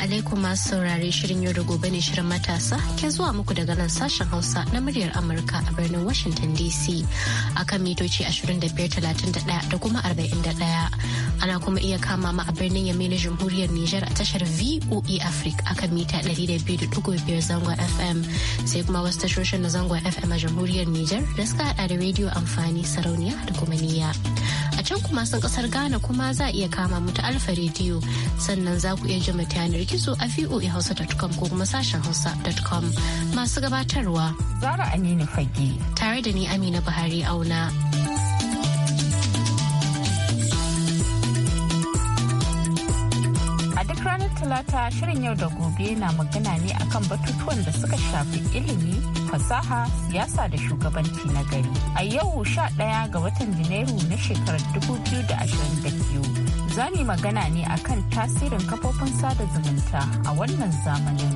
alaikum masu saurare shirin yau da gobe ne shirin matasa ke zuwa muku daga nan sashen Hausa na muryar Amurka a birnin Washington DC a kan mitoci 2531 da kuma 41. Ana kuma iya kama ma a birnin Yamai na Jamhuriyar niger a tashar voe Africa a kan mita 200.5 zangon FM sai kuma wasu tashoshin na zangon FM a Jamhuriyar niger da suka hada da rediyo amfani sarauniya da kuma niyya. can kuma sun kasar Ghana kuma za a iya kama mu ta Alfa rediyo sannan za ku iya jima ta yanar gizo a voahausa.com ko kuma sashen hausa.com masu gabatarwa. Zara Aminu Fage. Tare da ni Amina Buhari Auna. ranar Talata shirin yau da gobe na magana ne akan batutuwan da suka shafi ilimi fasaha siyasa da shugabanci na gari a yau 11 ga watan janairu na shekarar 2022 za mu magana ne akan tasirin kafofin sada zumunta a wannan zamanin.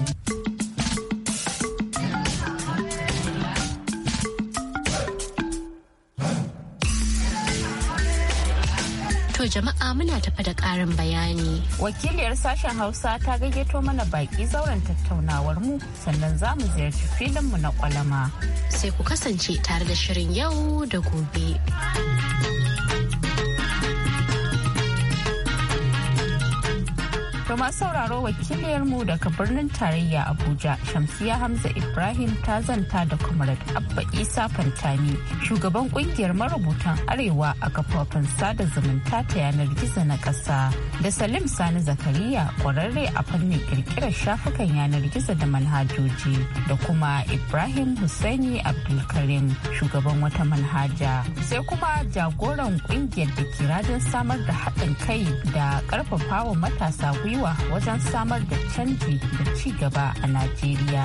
jama'a muna tafa da ƙarin bayani. Wakiliyar sashen Hausa ta gayyato mana baƙi zauren tattaunawar mu sannan za mu ziyarci filin mu na kwalama. Sai ku kasance tare da shirin yau da gobe. To masu sauraro wakiliyarmu daga birnin tarayya Abuja Shamsiya Hamza Ibrahim ta zanta da Comrade Abba Isa Fantani shugaban kungiyar marubutan Arewa a kafofin sada zumunta ta yanar gizo na ƙasa da Salim Sani Zakariya kwararre a fannin kirkirar shafukan yanar gizo da manhajoji da kuma Ibrahim Hussaini Abdulkarim shugaban wata manhaja sai kuma jagoran kungiyar da kiradin samar da haɗin kai da ƙarfafawa matasa gwiwa gwiwa wajen samar da canji da ci gaba a Najeriya.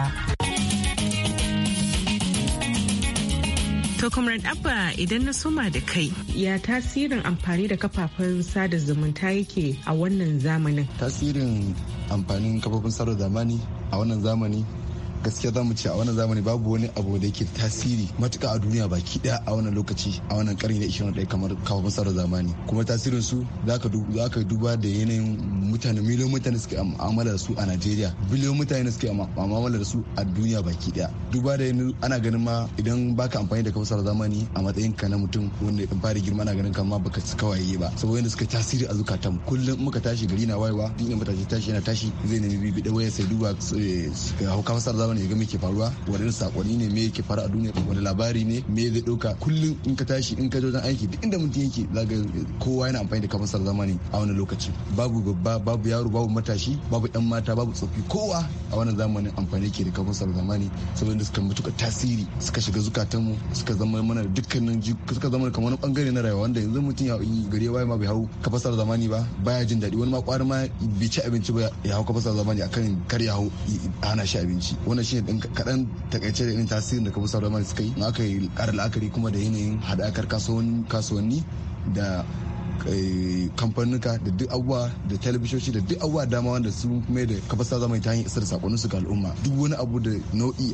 To Comrade Abba idan na soma da kai ya tasirin amfani da kafafen sada zumunta yake a wannan zamanin. Tasirin amfanin kafafen sada zamani a wannan zamani gaskiya za mu ce a wannan zamani babu wani abu da yake tasiri matuka a duniya baki daya a wannan lokaci a wannan karni na 21 kamar kawo masarar zamani kuma tasirin su za ka duba da yanayin mutane miliyon mutane suke amala da su a nigeria biliyon mutane suke amala da su a duniya baki daya duba da yanayin ana ganin ma idan baka amfani da kawo zamani a matsayin ka na mutum wanda ya fara girma ana ganin kama baka cika waye ba saboda yadda suka tasiri a zukatan kullum muka tashi gari na wayewa duk inda matashi tashi yana tashi zai nemi bibi da waya sai duba eh, eh, hau kawo masarar saurara ne ga muke ke faruwa wani sakonni ne me yake faru a duniya wani labari ne me zai dauka kullum in ka tashi in ka je wajen aiki duk inda mutum yake zaka kowa yana amfani da kafasar zamani a wani lokaci babu babba babu yaro babu matashi babu yan mata babu tsofi kowa a wani zamanin amfani yake da kafasar zamani saboda suka mutuka tasiri suka shiga zukatanmu suka zama mana dukkanin suka zama kamar wani bangare na rayuwa wanda yanzu mutum ya gari ya ma bai hau kafasar zamani ba baya jin daɗi wani ma kwari ma bai ci abinci ba ya hau kafasar zamani akan kar ya hau ana shi abinci wannan shi ɗin kaɗan takaice da irin tasirin da kabu sauran suka yi aka yi kara la'akari kuma da yanayin haɗakar kasuwanni da Eh, kamfanuka da duk abubuwa da talabishoshi da duk abubuwa dama wanda su kuma da kafasa zamani ta hanyar isar sakonin su ga al'umma duk wani abu da nau'i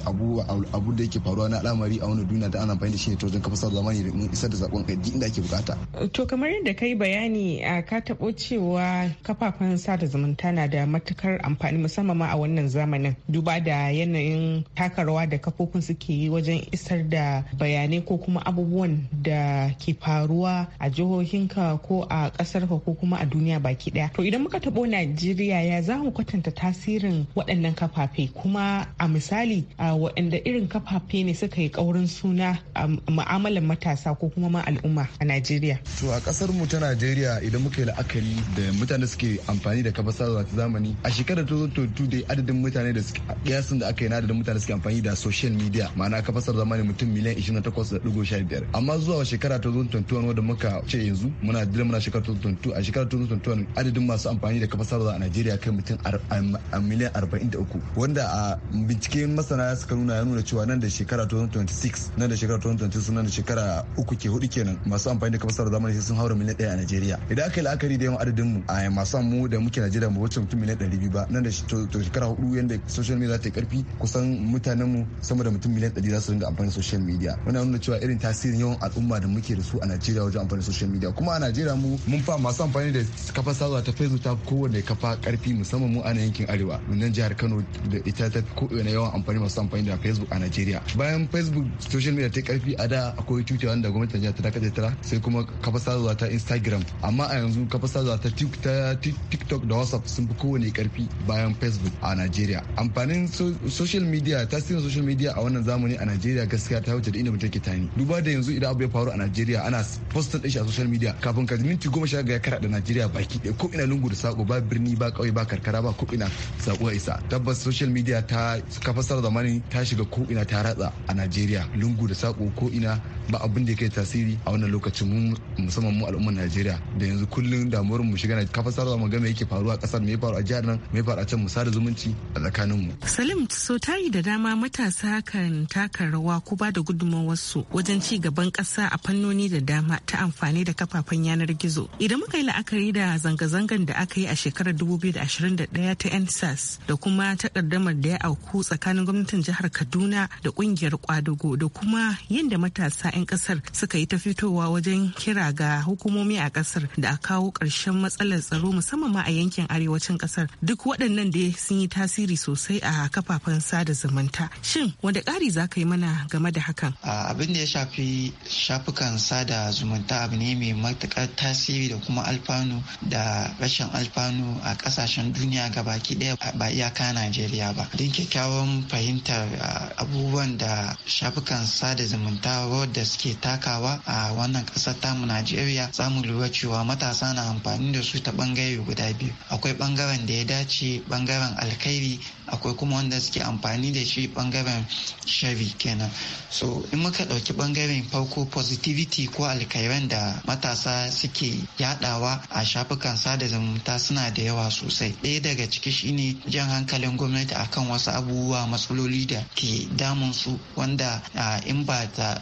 abu da yake faruwa na al'amari a wani duniya da ana amfani da shi ne ta wajen kafasa zamani da mun isar da sakon kai inda ake bukata. to kamar yadda ka yi bayani a ka taɓo cewa kafafen sada zumunta na da matukar amfani musamman ma a wannan zamanin duba da yanayin takarwa da kafofin suke yi wajen isar da bayanai ko kuma abubuwan da ke faruwa a jihohinka ko ko a kasar ko kuma a duniya baki daya to idan muka tabo najeriya ya za mu kwatanta tasirin waɗannan kafafe kuma a misali waɗanda irin kafafe ne suka yi ƙaurin suna a ma'amalan matasa ko kuma ma al'umma a najeriya to a kasar mu ta najeriya idan muka yi la'akari da mutane suke amfani da kafa sadarwa ta zamani a shekarar ta zo dai adadin mutane da suke kiyasin da aka yi na adadin mutane suke amfani da social media ma'ana kafa zamani mutum miliyan 28.15 amma zuwa shekara ta zo 2021 wadda muka ce yanzu muna zai muna shekarar 2022 a shekara 2022 adadin masu amfani da kafa sadarwa a Najeriya kai mutum a miliyan 43 wanda a bincike masana suka nuna ya nuna cewa nan da shekara 2026 nan da shekara 2026 nan da shekara uku ke hudu kenan masu amfani da kafa sadarwa zamani sun haura miliyan 1 a Najeriya idan aka yi la'akari da yawan adadin mu a masu mu da muke Najeriya mu wuce mutum miliyan 200 ba nan da shekara hudu yanda social media ta yi karfi kusan mutanen mu sama da mutum miliyan 100 za su dinga amfani da social media wannan nuna cewa irin tasirin yawan al'umma da muke da su a Najeriya wajen amfani da social media kuma a Najeriya da mu mun fa masu amfani da kafar sadarwa ta facebook ta kowane kafa karfi musamman mu a yankin arewa nan jihar kano da ita ta kowane yawan amfani masu amfani da facebook a nigeria bayan facebook social media ta karfi a da akwai twitter wanda gwamnatin jihar ta dakatar tara sai kuma kafar sadarwa ta instagram amma a yanzu kafar sadarwa ta tiktok da whatsapp sun fi kowane karfi bayan facebook a nigeria amfanin social media tasirin social media a wannan zamani a nigeria gaskiya ta wuce da inda mutum ke tani duba da yanzu idan abu ya faru a nigeria ana postin ɗin shi a social media kafin ka minti goma sha ga ya karaɗa najeriya baki ɗaya ko ina lungu da sako ba birni ba ƙauye ba karkara ba ko ina sako isa tabbas social media ta kafasar mani ta shiga ko ina ta ratsa a najeriya lungu da sako ko ina ba abin da ya tasiri a wannan lokacin mu musamman mu al'ummar najeriya da yanzu kullum damuwar mu shiga na kafasar da magana yake faruwa a ƙasar me faru a jihar nan me faru a can mu zumunci a tsakanin mu. salim so tayi da dama matasa kan taka rawa ko ba da su wajen ci gaban kasa a fannoni da dama ta amfani da kafafen yanar yanar gizo idan muka yi la'akari da zanga-zangan da aka yi a shekarar 2021 ta NSAS da kuma takardamar da ya auku tsakanin gwamnatin jihar kaduna da kungiyar kwadugo da kuma yadda matasa 'yan kasar suka yi ta fitowa wajen kira ga hukumomi a kasar da a kawo ƙarshen matsalar tsaro musamman ma a yankin arewacin kasar duk waɗannan da sun yi tasiri sosai a kafafen sada zumunta shin wanda ƙari za ka yi mana game da hakan abin da ya shafi shafukan sada zumunta abu ne mai matuƙar tasiri da kuma alfanu da rashin alfanu a kasashen duniya ga gabaki daya ba iyaka najeriya ba don kyakkyawan fahimtar abubuwan da shafukan sada zumunta da suke takawa a wannan kasar tamu najeriya za mu lura cewa matasa na amfani da su ta bangare guda biyu akwai bangaren da ya dace bangaren alkhairi akwai kuma wanda suke amfani da shi bangaren shari kenan so in muka ɗauki bangaren farko positivity ko alkairan da matasa suke yadawa a shafukan sada zumunta suna da yawa sosai ɗaya daga ciki shine jan hankalin gwamnati akan wasu abubuwa matsaloli da ke damun su wanda in ba ta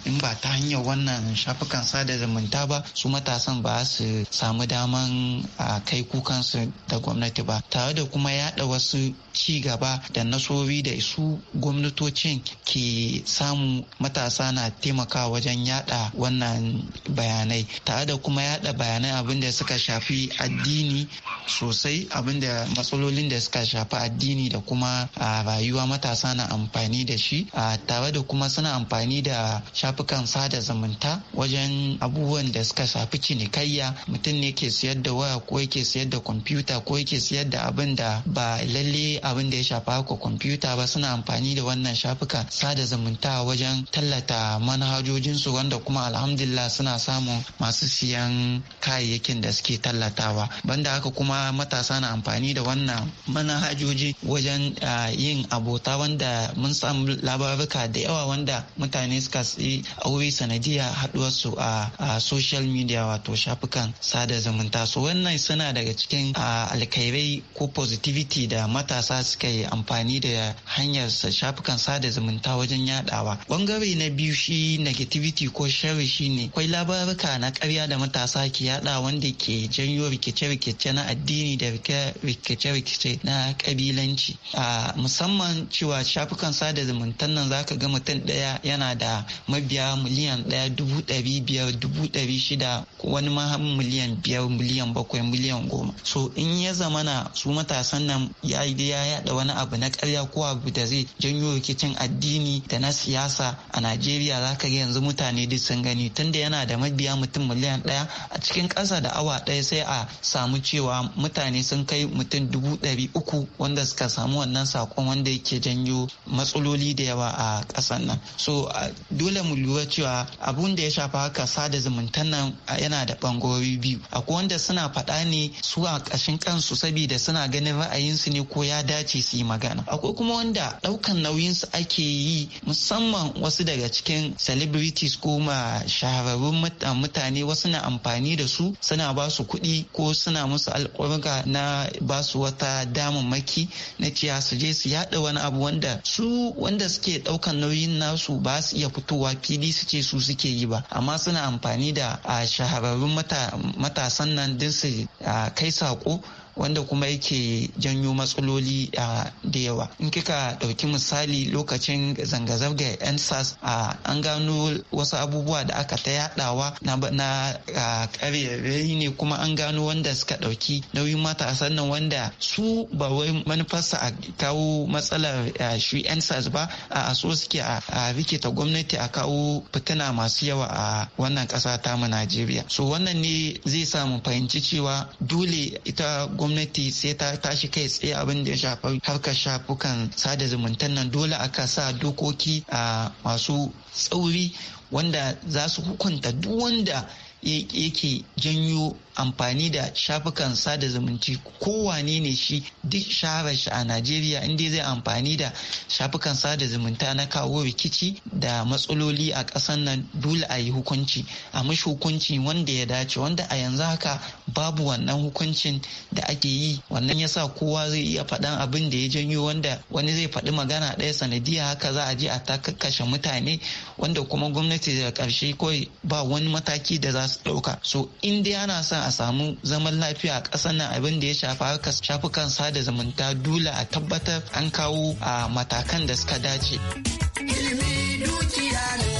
hanyar wannan shafukan sada zumunta ba su matasan ba su samu daman kai kukansu da gwamnati ba tare da kuma yada wasu ci gaba da nasobi da su gwamnatocin ke samu matasa na taimakawa wajen yada wannan bayanai tare da kuma yada bayanai abinda suka shafi addini sosai abinda matsalolin da suka shafi addini da kuma a rayuwa matasa na amfani da shi a tare da kuma suna amfani da shafukan sada zumunta wajen abubuwan da suka shafi cinikayya mutum ne ke siyar da waya ko yake siyar da kwamfuta ko yake siyar da abin da ba lalle abin da ya shafi shafa ko kwamfuta ba suna amfani da wannan shafuka sada zumunta wajen tallata manhajojinsu wanda kuma alhamdulillah suna samun masu siyan kayayyakin da suke tallatawa banda haka kuma matasa na amfani da wannan manhajoji wajen yin abota wanda mun samu labaruka da yawa wanda mutane suka yi aure sanadiyya haɗuwarsu a social media wato shafukan sada zumunta so wannan suna daga cikin alkairai ko positivity da matasa suka yi amfani da hanyar shafukan sada zumunta wajen yadawa bangare na biyu shi negativity ko shi ne akwai labaruka na karya da matasa ke yada wanda ke janyo rikice-rikice na addini da rikice-rikice na kabilanci a musamman cewa shafukan sada zumuntan nan zaka ga mutum daya yana da mabiya miliyan daya dubu dari biyar dubu dari shida wani ma miliyan biyar miliyan bakwai miliyan goma so in ya zamana su matasan nan ya ya yada wani abu na karya ko abu da zai janyo rikicin addini da na siyasa a najeriya za ka ga yanzu mutane duk sun gani tunda yana da mabiya mutum miliyan ɗaya a cikin ƙasa da awa ɗaya sai a samu cewa mutane sun kai mutum dubu ɗari uku wanda suka samu wannan sakon wanda yake janyo matsaloli da yawa a ƙasar nan so dole mu lura cewa abun da ya shafa haka sada zumuntan nan yana da ɓangarori biyu akwai wanda suna faɗa ne su a ƙashin kansu saboda suna ganin ra'ayinsu ne ko ya dace su yi magana akwai kuma wanda ɗaukan nauyinsu ake yi musamman wasu daga cikin celebrities ko ma shahararrun ah, mutane wasu na amfani da su suna ba su kuɗi ko suna musu alƙurga na ba su wata damammaki na ciya su je su yaɗa wani abu wanda su wanda suke ɗaukan nauyin nasu ba su iya fitowa fili su ce su suke yi ba amma suna amfani da ah, shahararrun matasan nan din su ah, kai sako. wanda kuma yake janyo matsaloli da yawa in kika ɗauki misali lokacin zanga-zanga yan sas an gano wasu abubuwa da aka ta yadawa na ƙaryarai ne kuma an gano wanda suka ɗauki nauyin matasa nan wanda su ba wai manufarsa a kawo matsalar shi yan sas ba a so suke a rikita gwamnati a kawo fitina masu yawa a wannan kasa ta mu najeriya so wannan ne zai sa mu fahimci cewa dole ita gwamnati gwamnati sai ta tashi kai tsaye abin da ya shafa harkar shafukan sada zumunta nan dole aka sa dokoki a masu tsauri wanda za su hukunta duk wanda yake janyo amfani da shafukan sada zumunci wane ne shi duk shaharar shi a najeriya inda zai amfani da shafukan sada zumunta na kawo rikici da matsaloli a kasan nan dole a yi hukunci a mashi hukunci wanda ya dace wanda a yanzu haka babu wannan hukuncin da ake yi wannan yasa kowa zai iya faɗan abin da ya janyo wanda wani zai faɗi magana ɗaya sanadiyya haka za a je a takakkashe mutane wanda kuma gwamnati da ƙarshe kawai ba wani mataki da za su ɗauka so inda na sa a samu zaman lafiya a ƙasar nan abin da ya shafa harkar shafukan sada zumunta dole a tabbatar an kawo a matakan da suka dace. Ilimi dukiya ne.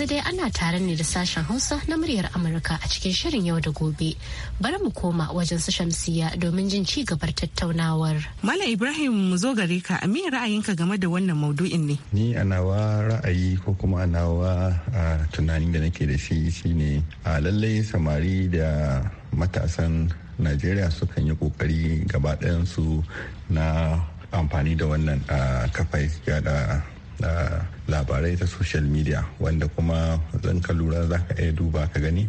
yanzu dai ana tare ne da sashen Hausa na muryar Amurka a cikin shirin yau da gobe. Bari mu koma wajen su Shamsiya domin jin ci gabar tattaunawar. Mala Ibrahim mu zo gare ka a miyar ra'ayinka game da wannan maudu'in ne? Ni a nawa ra'ayi ko kuma a nawa tunanin da nake da shi shine a lallai samari da matasan Najeriya sukan yi kokari gaba su na amfani da wannan kafa yada na labarai ta social media wanda kuma zan ka lura za ka iya duba ka gani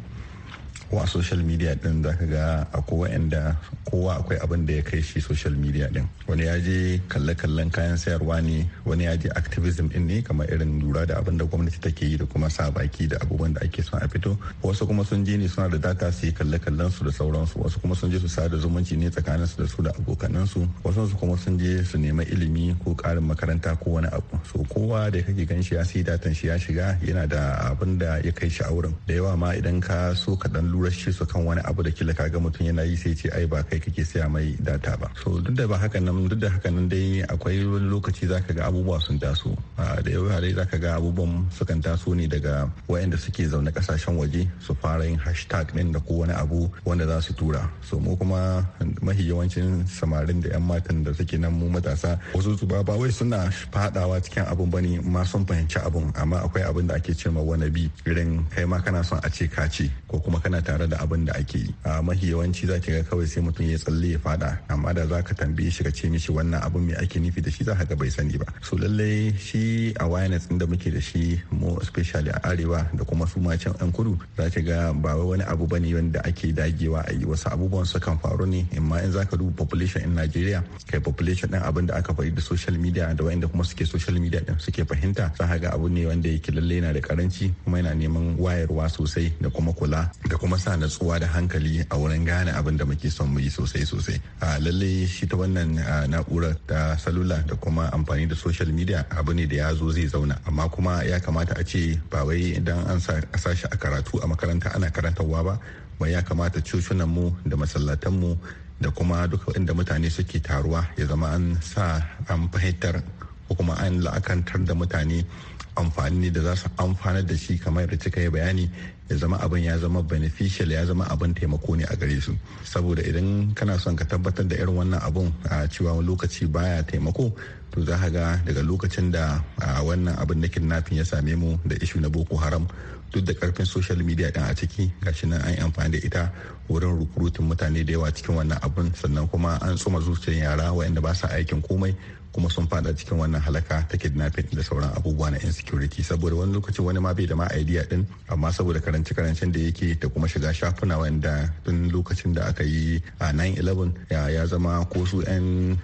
ko a social media din za ka ga akwai wa'anda kowa akwai abin da ya kai shi social media din wani ya je kalle-kallen kayan sayarwa ne wani ya je activism din ne kamar irin lura da abin da gwamnati take yi da kuma sa baki da abubuwan da ake son a fito wasu kuma sun je ne suna da data su yi kalle-kallen su da sauransu wasu kuma sun je su sada zumunci ne tsakanin su da su da abokanan su wasu su kuma sun je su nema ilimi ko karin makaranta ko wani abu so kowa da kake gan shi ya sai datan shi ya shiga yana da abin da ya kai shi a wurin da yawa ma idan ka so ka dan lura rashin su kan wani abu da kila kaga mutum yana yi sai ce ai ba kai kake siya mai data ba so duk da ba haka nan duk da haka nan dai akwai wani lokaci zaka ga abubuwa sun taso da yawa dai zaka ga abubuwan sukan taso ne daga wayanda suke zaune kasashen waje su fara yin hashtag din da ko wani abu wanda za su tura so mu kuma mahi yawancin samarin da yan matan da suke nan mu matasa wasu su ba wai suna fadawa cikin abun bane ma sun fahimci abun amma akwai abin da ake cewa wani bi irin kai ma kana son a ce ka ce ko kuma kana tare da abin da ake yi a mahi yawanci za ki ga kawai sai mutum ya tsalle ya fada amma da za ka tambaye shi ka ce mishi wannan abin mai ake nufi da shi za ka ga bai sani ba so lallai shi a awareness din da muke da shi mu especially a arewa da kuma su ma can yan kudu za ki ga ba wani abu bane wanda ake dagewa a yi wasu abubuwan su kan faru ne amma in za ka duba population in nigeria kai population din abin da aka faɗi da social media da wayanda kuma suke social media din suke fahimta za ka ga abu ne wanda yake lallai yana da karanci kuma yana neman wayarwa sosai da kuma kula da kuma sa natsuwa da hankali a wurin gane abin da muke son mu yi sosai sosai a lalle shi ta wannan na'ura ta salula da kuma amfani da social media abu ne da ya zo zai zauna amma kuma ya kamata a ce ba wai idan an sa shi a karatu a makaranta ana karantarwa ba ba ya kamata cocunan mu da masallatan mu da kuma duka inda mutane suke taruwa ya zama an sa an fahimtar ko kuma an la'akantar da mutane amfani ne da za su amfanar da shi kamar da cika yi bayani ya zama abin ya zama beneficial ya zama abin taimako ne a gare su saboda idan kana son ka tabbatar da irin wannan abun a cewa lokaci baya taimako to za ga daga lokacin da wannan abin na kidnapping ya same mu da ishu na boko haram duk da karfin social media din a ciki gashi nan an yi amfani da ita wurin rukurutun mutane da yawa cikin wannan abin sannan kuma an tsoma zuciyar yara waɗanda ba sa aikin komai kuma sun fada cikin wannan halaka ta kidnapping da sauran abubuwa na insecurity saboda wani lokaci wani ma bai da ma idea din amma saboda karance karancen da yake da kuma shiga shafuna wanda tun lokacin da aka yi a 9-11 ya zama ko su 'yan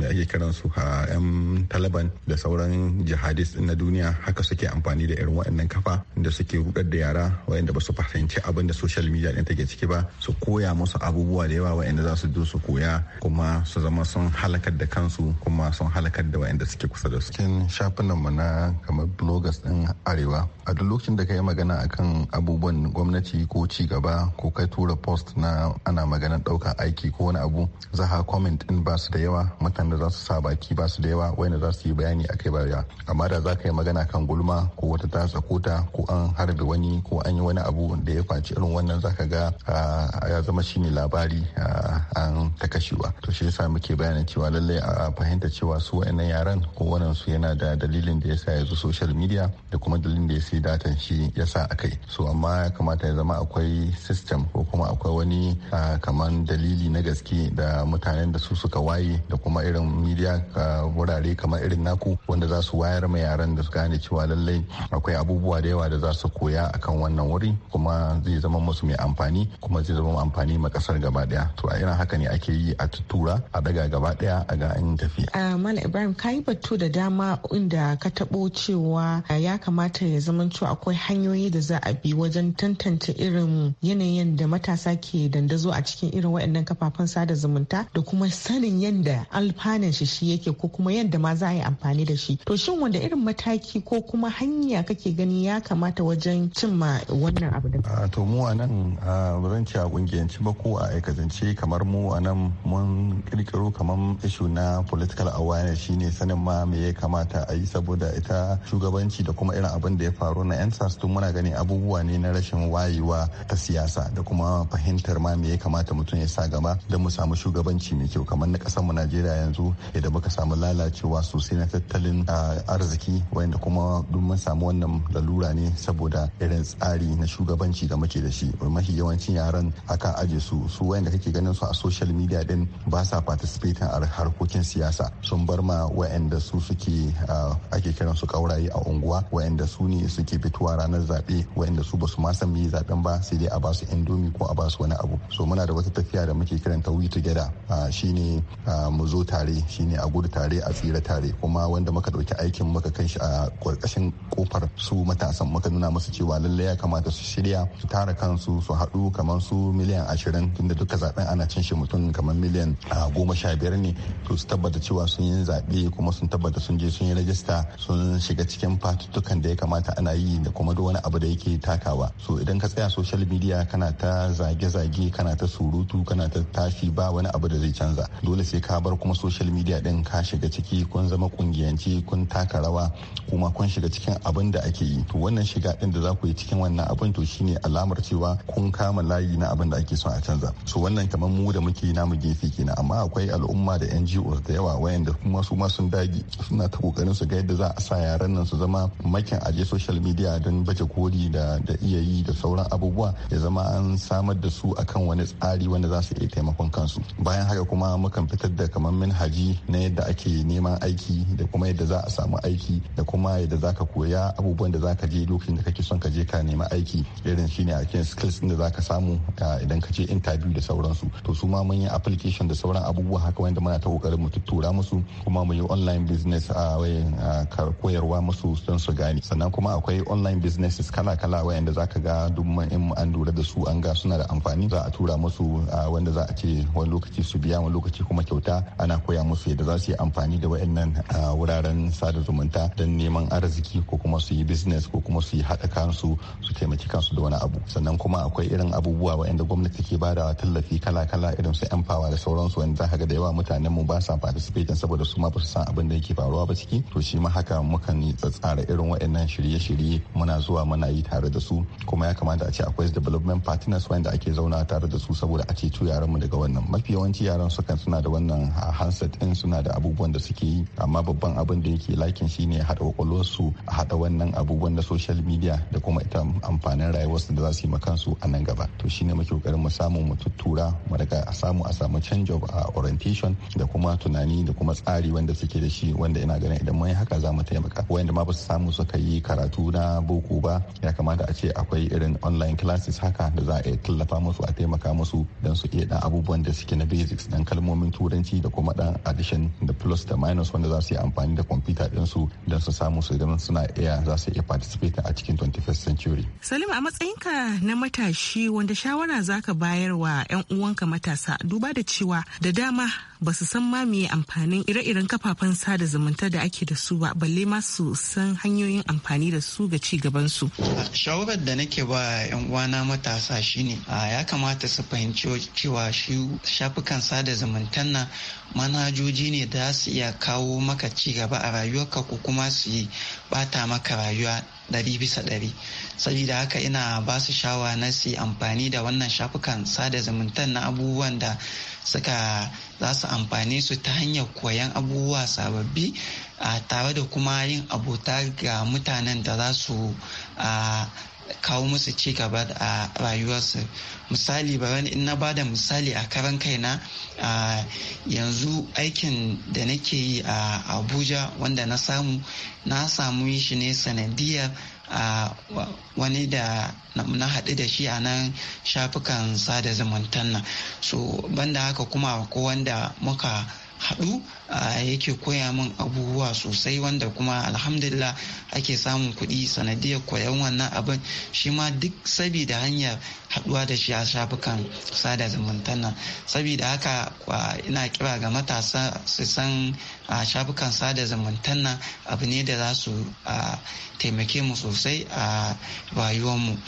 mai ake kiran su 'yan taliban da sauran jihadist na duniya haka suke amfani da irin waɗannan kafa da suke rudar da yara waɗanda ba su fahimci abin da social media din take ciki ba su koya musu abubuwa da yawa waɗanda za su zo su koya kuma su zama sun halakar da kansu kuma kuma sun halakar da wa'anda suke kusa da su cikin shafinan mu na kamar bloggers din arewa a duk lokacin da ka yi magana akan abubuwan gwamnati ko ci gaba ko kai tura post na ana maganar ɗaukar aiki ko wani abu za ha comment din ba su da yawa mutanen da za su sa baki ba su da yawa wanda za su yi bayani akai ba ya amma da za ka yi magana kan gulma ko wata ta sakota ko an harbe wani ko an yi wani abu da ya kwaci irin wannan za ka ga ah, ya zama shine labari ah, an ta kashewa to shi yasa muke bayanin cewa lallai a fahimta cewa su wa'annan yaran kowannen su yana da dalilin da ya sa ya zo social media da kuma dalilin da ya sai datan shi ya sa a kai so amma ya kamata ya zama akwai system ko kuma akwai wani kamar dalili na gaske da mutanen da su suka waye da kuma irin media wurare kamar irin naku wanda za su wayar ma yaran da su gane cewa lallai akwai abubuwa da yawa da za su koya akan wannan wuri kuma zai zama musu mai amfani kuma zai zama amfani ma kasar gaba daya to a irin haka ne ake yi a tuttura a daga gaba daya a ga an tafiya mana Ibrahim ka yi batu da dama inda ka taɓo cewa ya kamata ya zamanto akwai hanyoyi da za a bi wajen tantance irin yanayin da matasa ke dandazo a cikin irin waɗannan kafafen sada zumunta da kuma sanin yadda alfanan shi shi yake ko kuma yadda ma za a yi amfani da shi. To shin wanda irin mataki ko kuma hanya kake gani ya kamata wajen cimma wannan abu da? Ah, to mu a nan ah, ba zan ce a kungiyanci ba ko a aikatance kamar mu a nan mun kirkiro kamar ishu na political shi shine sanin ma me ya kamata a yi saboda ita shugabanci da kuma irin abin da ya faru na yan sas tun muna gani abubuwa ne na rashin wayewa ta siyasa da kuma fahimtar ma me ya kamata mutum ya sa gaba don mu samu shugabanci mai kyau kamar na kasar mu Najeriya yanzu idan muka samu lalacewa sosai na tattalin arziki wanda kuma duk mun samu wannan lalura ne saboda irin tsari na shugabanci da muke da shi mafi yawancin yaran aka aje su su wayanda kake ganin su a social media din ba sa participating a harkokin siyasa sun bar ma wa'anda su suke ake kiran su kauraye a unguwa wa'anda su ne suke fitowa ranar zaɓe wa'anda su basu ma san yi zaɓen ba sai dai a basu indomi ko a basu wani abu so muna da wata tafiya da muke kiran ta we together shine mu zo tare shine a gudu tare a tsira tare kuma wanda muka dauki aikin muka kai shi a ƙarƙashin kofar su matasan muka nuna musu cewa lalle ya kamata su shirya su tara kansu su haɗu kamar su miliyan ashirin tunda duka zaɓen ana cin shi mutum kamar miliyan goma sha biyar ne to su tabbata cewa sun yi zaɓe kuma sun tabbata sun je sun yi rajista sun shiga cikin fatuttukan da ya kamata ana yi da kuma duk wani abu da yake takawa so idan ka tsaya social media kana ta zage-zage kana ta surutu kana ta tashi ba wani abu da zai canza dole sai ka bar kuma social media din ka shiga ciki kun zama kungiyanci kun taka rawa kuma kun shiga cikin abin da ake yi to wannan shiga din da za ku yi cikin wannan abin to shine alamar cewa kun kama layi na abin da ake son a canza so wannan kamar mu da muke na mu gefe kenan amma akwai al'umma da NGOs da yawa da kuma su ma sun dage suna ta kokarin su ga yadda za a sa yaran nan su zama makin aje social media don baje koli da da iya yi da sauran abubuwa ya zama an samar da su akan wani tsari wanda za su iya taimakon kansu bayan haka kuma mukan fitar da kamar manhaji na yadda ake neman aiki da kuma yadda za a samu aiki da kuma yadda za ka koya abubuwan da za ka je lokacin da kake son ka je ka nemi aiki irin shine a cikin skills din da za ka samu idan ka je interview da sauransu to su ma mun yi application da sauran abubuwa haka wanda muna ta kokarin mu tuttura musu masu kuma mu yi online business a wayan koyarwa musu don su gane sannan kuma akwai online businesses kala-kala wayanda za ka ga duk in an lura da su an ga suna da amfani za a tura musu wanda za a ce wani lokaci su biya wani lokaci kuma kyauta ana koya musu yadda za su yi amfani da wayannan wuraren sada zumunta don neman arziki ko kuma su yi business ko kuma su yi haɗa kansu su taimaki kansu da wani abu sannan kuma akwai irin abubuwa wayanda gwamnati ke bada tallafi kala-kala irin su empower da sauransu wanda za ka ga da yawa mutanen mu ba sa participate saboda su ma ba san abin da yake faruwa ba ciki to shi ma haka mukan tsara irin waɗannan shirye-shirye muna zuwa muna yi tare da su kuma ya kamata a ce akwai development partners wanda ake zauna tare da su saboda a ceto yaran mu daga wannan mafi yawanci yaran sukan suna da wannan handset din suna da abubuwan da suke yi amma babban abin da yake lakin shine haɗa su a haɗa wannan abubuwan na social media da kuma ita amfanin rayuwarsu da za su yi ma su a nan gaba to shine muke kokarin mu samu mu tuttura mu daga samu a samu change of uh, orientation da kuma tunani da kuma kuma tsari wanda suke da shi wanda ina ganin idan mun haka za mu taimaka wanda ma ba su samu suka yi karatu na boko ba ya kamata a ce akwai irin online classes haka da za a tallafa musu a taimaka musu don su iya dan abubuwan da suke na basics dan kalmomin turanci da kuma dan addition da plus da minus wanda za su yi amfani da kwamfuta ɗinsu don su samu su idan suna iya za su iya participate a cikin 21st century. Salim a matsayinka na matashi wanda shawara zaka bayar wa 'yan uwanka matasa duba da cewa da dama ba su san ma me amfanin ganin ire-iren kafafen sada zumunta da ake da su ba balle ma su san hanyoyin amfani da su ga ci gaban su. Shawarar da nake ba 'yan uwana matasa shine ya kamata su fahimci cewa shi shafukan sada zumuntan na manhajoji ne da su iya kawo maka ci gaba a rayuwarka ko kuma su yi bata maka rayuwa ɗari bisa ɗari saboda haka ina ba su shawa na su amfani da wannan shafukan sada zumunta na abubuwan da suka za su amfani su ta hanyar koyan abubuwa sababbi a tare da kuma yin abota ga mutanen da za su kawo musu ci gaba a rayuwarsu misali wani in na da misali a karan kaina a yanzu aikin da nake yi a abuja wanda na samu na samu shi ne sanadiyar a wani da na haɗu da shi a nan shafukan sada zumuntan nan so banda haka kuma ko wanda muka haɗu yake koya min abubuwa sosai wanda kuma alhamdulillah ake samun kuɗi sanadiyar koyon wannan abin shi ma duk sabida hanyar haɗuwa da shi a shafukan sada zumunta nan sabida haka ina kira ga matasa su san a shafukan sada zumunta nan abu ne da za su taimake mu sosai a rayuwarmu. mu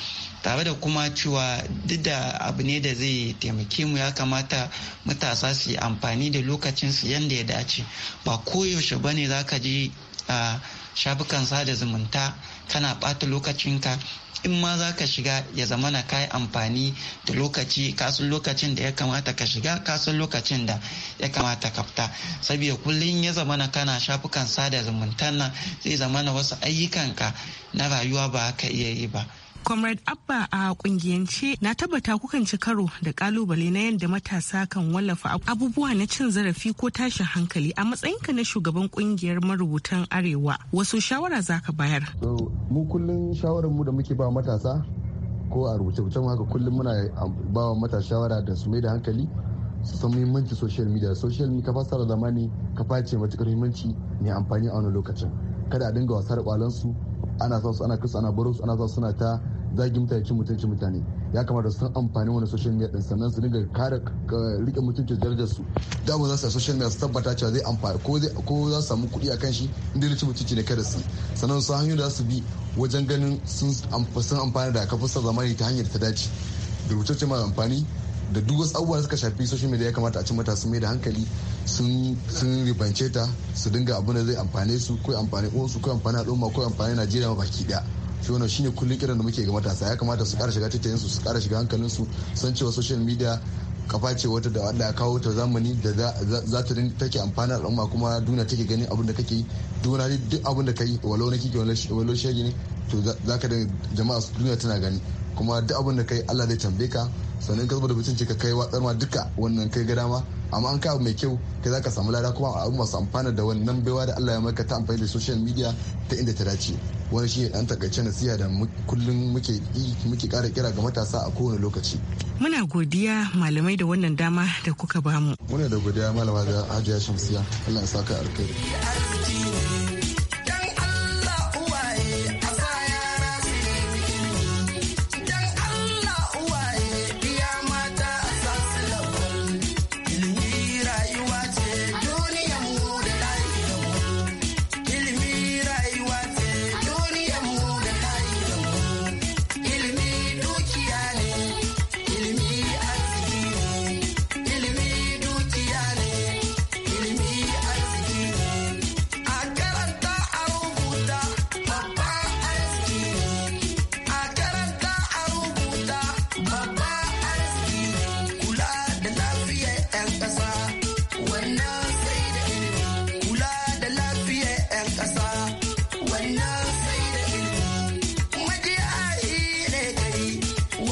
tare da kuma cewa duk da abu ne da zai taimake mu ya kamata matasa su yi amfani da lokacin su yadda ya dace ba koyaushe ba ne za ka je a shafukan sada zumunta kana ɓata lokacinka in ma za ka shiga ya zama na kayi amfani da lokaci kasan lokacin da ya kamata ka shiga kasan lokacin da ya kamata ka fita saboda kullum ya zama na kana shafukan sada zumunta nan zai zama na wasu ayyukanka na rayuwa ba ka iya yi ba Comrade Abba a kungiyance na tabbata kukan ci karo da kalubale na yadda matasa kan wallafa abubuwa na cin zarafi ko tashin hankali a matsayinka na shugaban kungiyar marubutan Arewa. Wasu shawara za ka bayar? Mu kullum shawarar mu da muke ba matasa ko a rubuce-rubucen haka kullum muna ba wa matasa shawara da su mai da hankali su san muhimmanci social media social media kafasar zamani kafa ce matukar muhimmanci ne amfani a wani lokacin kada a dinga wasa da kwalansu ana sa su ana kisa ana baro su ana sa suna ta zagin mutane cin mutunci mutane ya kamata su san amfani wani social media din sannan su dinga kare rike mutunci darajar su da mu za su social media su tabbata cewa zai amfani ko zai ko za su samu kuɗi akan shi inda rike mutunci ne kada su sannan su hanyoyi da su bi wajen ganin sun amfani da kafin sa zamani ta hanyar ta dace da rubutacce mai amfani da duk wasu abubuwa suka shafi social media ya kamata a ci mata su mai da hankali sun ribance ta su dinga abin da zai amfane su ko amfani uwansu ko amfani al'umma ko amfani najeriya baki daya shi shine kullun kiran da muke ga matasa ya kamata su kara shiga tattalin su su kara shiga hankalin su san cewa social media kafa ce wata da wanda ya kawo ta zamani da za ta take amfani al'umma kuma duniya take ganin abin da kake duniya duk abin da kai walau na kike walau shege ne to za ka da jama'a su duniya tana gani kuma duk abin da kai Allah zai tambaye ka sannan ka zuba da mutunci ka kai watsar ma duka wannan kai ga dama amma an kawo mai kyau kai za ka samu lada kuma abu masu amfana da nan baiwa da Allah ya maka ta amfani da social media ta inda ta dace wani shi dan takaice nasiha da kullum muke muke kara kira ga matasa a kowane lokaci muna godiya malamai da wannan dama da kuka bamu muna da godiya malama da Hajiya Shamsiya Allah ya saka alkhairi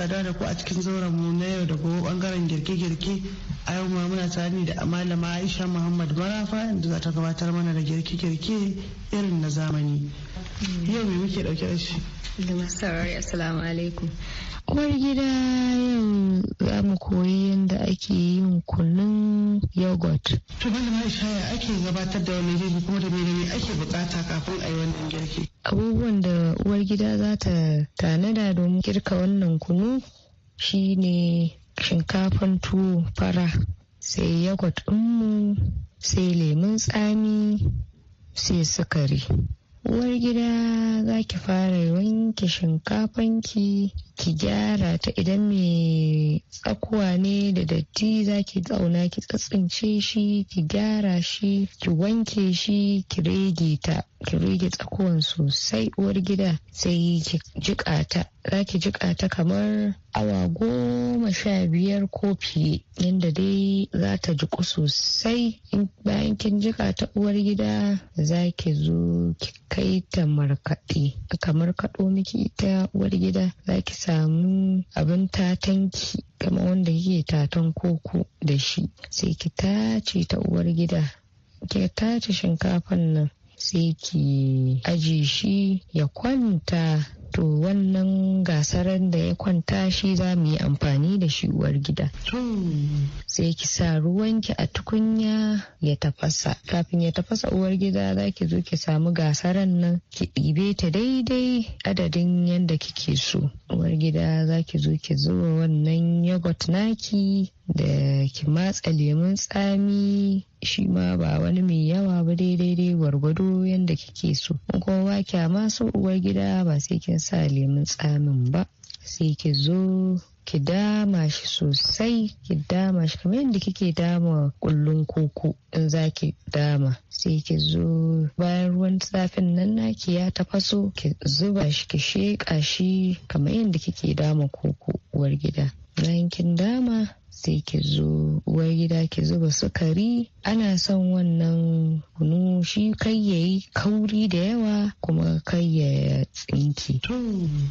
sada da ku a cikin zauren mu na yau da gobe bangaren girke-girke a yau ma muna tare da malama Aisha Muhammad Marafa da za ta gabatar mana da girke-girke irin na zamani. Yau me muke dauke da shi? Da masarari assalamu alaikum. Kwar gida yau za mu koyi yadda ake yin kunun yogurt. To malama Aisha ake gabatar da wani girki kuma da me ake bukata kafin a yi wannan girki? abubuwan da uwar gida za ta tanada domin girka wannan kunu shine shinkafan tuwo fara sai yogurt ɗinmu sai lemun tsami sai sukari uwar gida za ki fara wanke shinkafanki ki gyara ta idan mai tsakuwa ne da datti za ki tsauna ki tsatsince shi ki gyara shi ki wanke shi ki rege ta ki rege tsakuwan sosai uwar gida sai ki jika ta za ki jika ta kamar awa goma sha biyar ko fiye yadda dai za ta jiku sosai bayan kin jika ta uwar gida za ki zo ki kai ta markaɗe kamar markaɗo miki ita uwar gida za ki samu abin tatanki kama wanda kike tatan koko da shi sai ki tace ta uwar gida ki tace shinkafan nan sai ki aje shi ya kwanta to wannan gasar da ya kwanta shi za mu yi amfani da shi uwar gida sai ki sa ruwanki a tukunya ya tafasa kafin ya tafasa uwar gida za ki zo ki samu gasaran nan ki ɗibe ta daidai adadin yadda kike so uwar gida za ki zo ki zuba wannan yogurt naki da ki matsa lemun tsami shi ma ba wani mai yawa ba daidai dai gwargwado yadda kike so in kuma ba kya ma so uwar gida ba sai kin sa lemun tsamin ba sai ki zo ki dama shi sosai ki dama shi kamar yadda kike dama kullun koko in za ki dama sai ki zo bayan ruwan zafin nan naki ya tafaso ki zuba shi ki sheƙa shi kamar yadda kike dama koko uwar gida bayan kin dama sai ki zo uwar gida ki zuba sukari ana son wannan kunu shi kai ya yi kauri da yawa kuma kai ya tsinki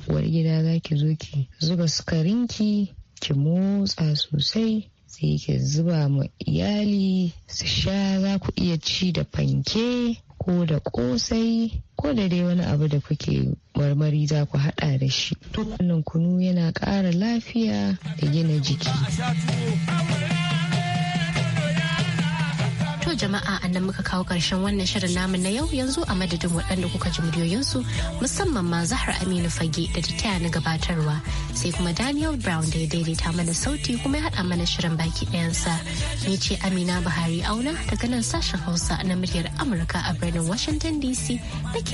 uwar gida za ki zo ki zuba sukarinki ki motsa sosai sai ki zuba ma iyali su sha za ku iya ci da fanke ko da kosai ko da dai wani abu da kuke marmari za ku hada da shi. Wannan kunu yana ƙara lafiya da gina jiki. jama'a a nan muka kawo karshen wannan shirin namu na yau yanzu a madadin waɗanda kuka ji muryoyinsu musamman ma Zahra Aminu Fage da ta na gabatarwa sai kuma Daniel Brown da ya daidaita mana sauti kuma ya haɗa mana shirin baki ɗayansa. Ni ce Amina Buhari Auna daga nan sashen Hausa na muryar Amurka a birnin Washington DC.